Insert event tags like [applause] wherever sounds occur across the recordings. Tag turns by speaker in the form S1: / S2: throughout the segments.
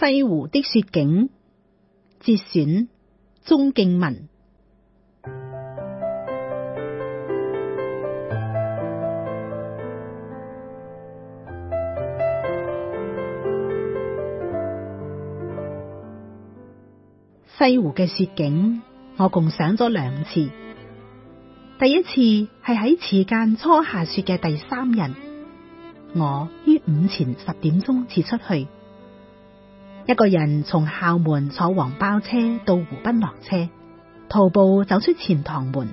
S1: 西湖的雪景節選，鍾敬文。西湖嘅雪景，我共賞咗兩次。第一次係喺此間初下雪嘅第三日，我於午前十點鐘至出去。一個人從校門坐黃包車到湖濱落車，徒步走出錢塘門，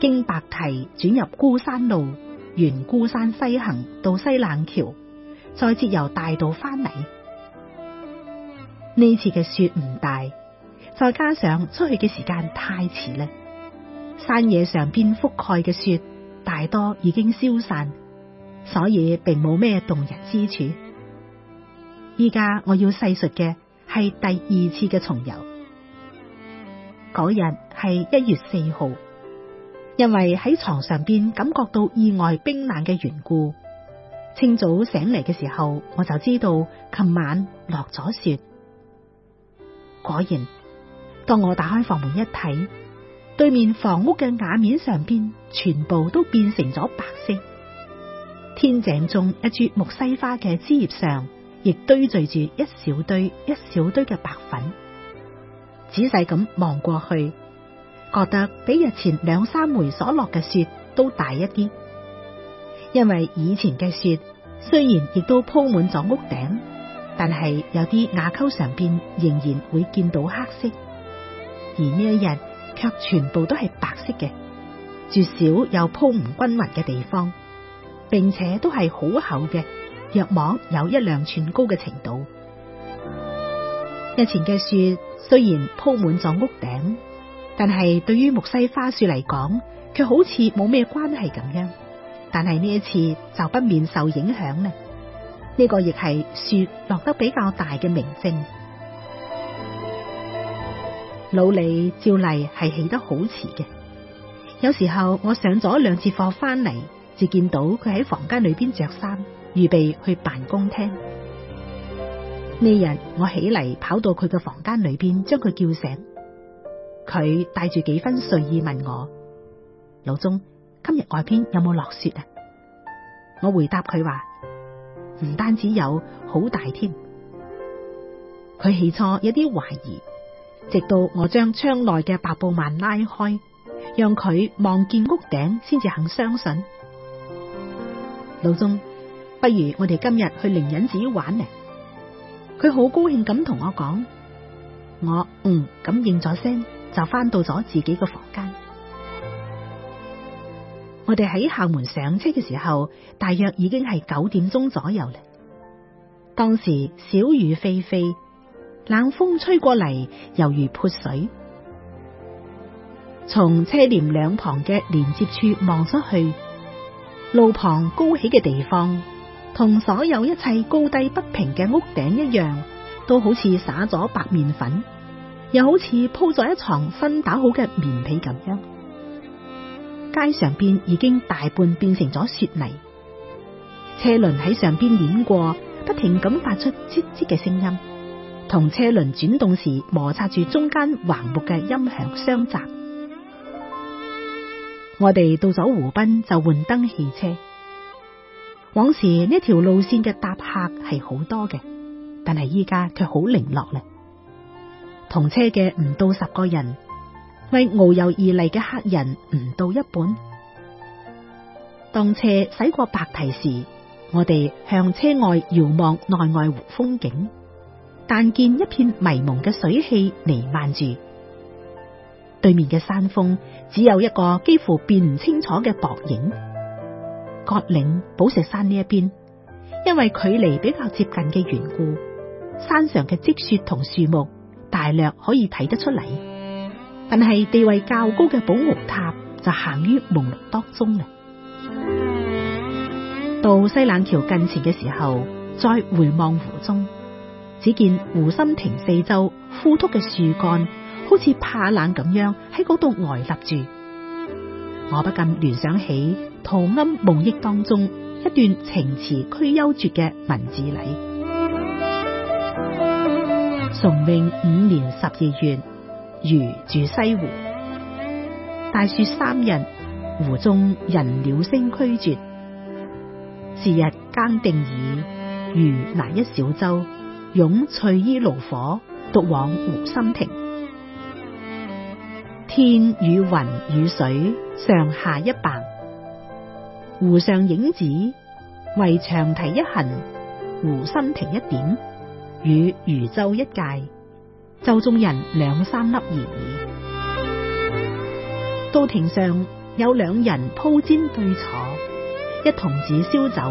S1: 經白堤轉入孤山路，沿孤山西行到西冷橋，再接由大道翻嚟。呢次嘅雪唔大，再加上出去嘅時間太遲咧，山野上邊覆蓋嘅雪大多已經消散，所以並冇咩動人之處。依家我要細述嘅係第二次嘅重遊。嗰日係一月四號，因為喺床上邊感覺到意外冰冷嘅緣故，清早醒嚟嘅時候我就知道琴晚落咗雪。果然，當我打開房門一睇，對面房屋嘅瓦面上邊全部都變成咗白色，天井中一株木犀花嘅枝葉上，亦堆聚住一小堆一小堆嘅白粉，仔細咁望過去，覺得比日前兩三枚所落嘅雪都大一啲。因為以前嘅雪雖然亦都鋪滿咗屋頂，但係有啲瓦溝上邊仍然會見到黑色，而呢一日卻全部都係白色嘅，絕少有鋪唔均匀嘅地方，並且都係好厚嘅。若望有一兩寸高嘅程度，日前嘅雪雖然鋪滿咗屋頂，但係對於木西花樹嚟講，卻好似冇咩關係咁樣。但係呢一次就不免受影響啦。呢、呢個亦係雪落得比較大嘅明證。老李照例係起得好遲嘅，有時候我上咗兩次課翻嚟，就見到佢喺房間裏邊着衫。預備去辦公廳。呢日我起嚟，跑到佢嘅房間裏邊，將佢叫醒。佢帶住幾分睡意問我：老鍾，今日外邊有冇落雪啊？我回答佢話：唔單止有，好大添。佢起初有啲懷疑，直到我將窗內嘅白布幔拉開，讓佢望見屋頂，先至肯相信。老鍾。不如我哋今日去靈隱寺玩嚟。佢好高興咁同我講，我嗯咁應咗聲，就翻到咗自己個房間。我哋喺校門上車嘅時候，大約已經係九點鐘左右啦。當時小雨霏霏，冷風吹過嚟，猶如潑水。從車簾兩旁嘅連接處望出去，路旁高起嘅地方。同所有一切高低不平嘅屋頂一樣，都好似灑咗白麵粉，又好似鋪咗一床新打好嘅棉被咁樣。街上邊已經大半變成咗雪泥，車輪喺上邊碾過，不停咁發出吱吱嘅聲音，同車輪轉動時摩擦住中間橫木嘅音響相雜。我哋到咗湖濱就換登汽車。往時呢條路線嘅搭客係好多嘅，但係依家卻好零落咧。同車嘅唔到十個人，為遨遊而嚟嘅客人唔到一半。當車駛過白堤時，我哋向車外遙望內外湖風景，但見一片迷蒙嘅水汽彌漫住，對面嘅山峰只有一個幾乎辨唔清楚嘅薄影。格嶺寶石山呢一邊，因為距離比較接近嘅緣故，山上嘅積雪同樹木，大略可以睇得出嚟。但係地位較高嘅保俶塔就行於朦朧當中啦。 [noise] 到西冷橋近前嘅時候，再回望湖中，只見湖心亭四周枯禿嘅樹幹，好似怕冷咁樣喺嗰度呆立住。我不禁聯想起。陶庵夢憶當中一段情詞俱幽絕嘅文字裏，崇禎 [noise] 五年十二月，余住西湖。大雪三日，湖中人鳥聲俱絕。是日更定矣，余拿一小舟，擁毳衣爐火，獨往湖心亭。天與雲與水，上下一白。湖上影子，為長堤一痕，湖心亭一點，與漁舟一芥，舟中人兩三粒而已。到亭上有兩人鋪氈對坐，一童子燒酒，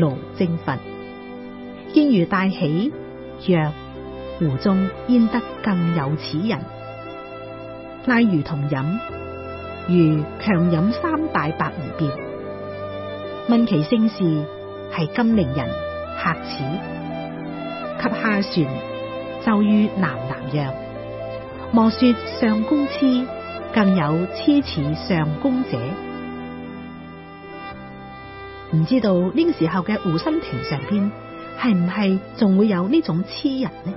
S1: 爐正沸。見余大喜，曰：湖中焉得更有此人？拉余同飲，余強飲三大白而別。問其姓氏，係金陵人，客此。及下船，舟子喃喃曰：莫說相公痴，更有痴似相公者。唔知道呢個時候嘅湖心亭上邊，係唔係仲會有呢種痴人呢？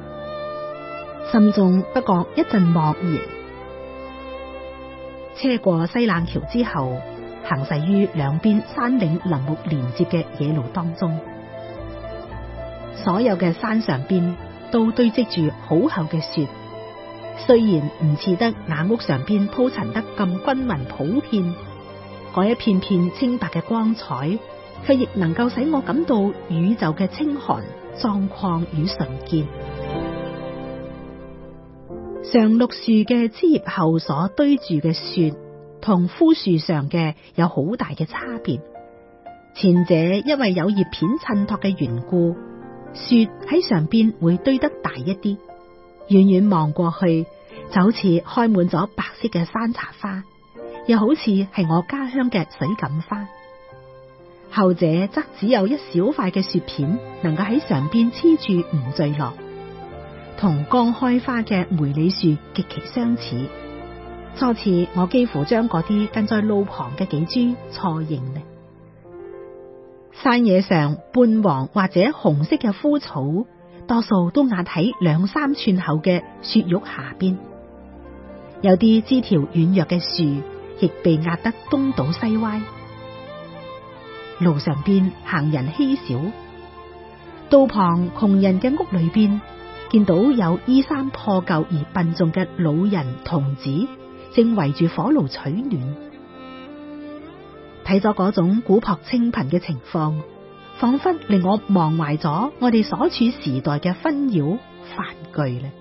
S1: 心中不過一陣默然。車過西冷橋之後。行駛於兩邊山頂林木連接嘅野路當中，所有嘅山上邊都堆積住好厚嘅雪，雖然唔似得瓦屋上邊鋪陳得咁均匀普遍，嗰一片片清白嘅光彩，卻亦能夠使我感到宇宙嘅清寒、壯曠與純潔。常綠樹嘅枝葉後所堆住嘅雪同枯樹上嘅有好大嘅差別，前者因為有葉片襯托嘅緣故，雪喺上邊會堆得大一啲，遠遠望過去就好似開滿咗白色嘅山茶花，又好似係我家鄉嘅水錦花。後者則只有一小塊嘅雪片能夠喺上邊黐住唔墜落，同剛開花嘅梅李樹極其相似。初次，我幾乎將嗰啲近在路旁嘅幾株錯形咧。山野上半黃或者紅色嘅枯草，多數都壓喺兩三寸厚嘅雪玉下邊。有啲枝條軟弱嘅樹，亦被壓得東倒西歪。路上邊行人稀少，道旁窮人嘅屋裏邊，見到有衣衫破舊而笨重嘅老人、童子。正圍住火爐取暖，睇咗嗰種古朴清貧嘅情況，仿佛令我忘懷咗我哋所處時代嘅紛擾繁劇咧。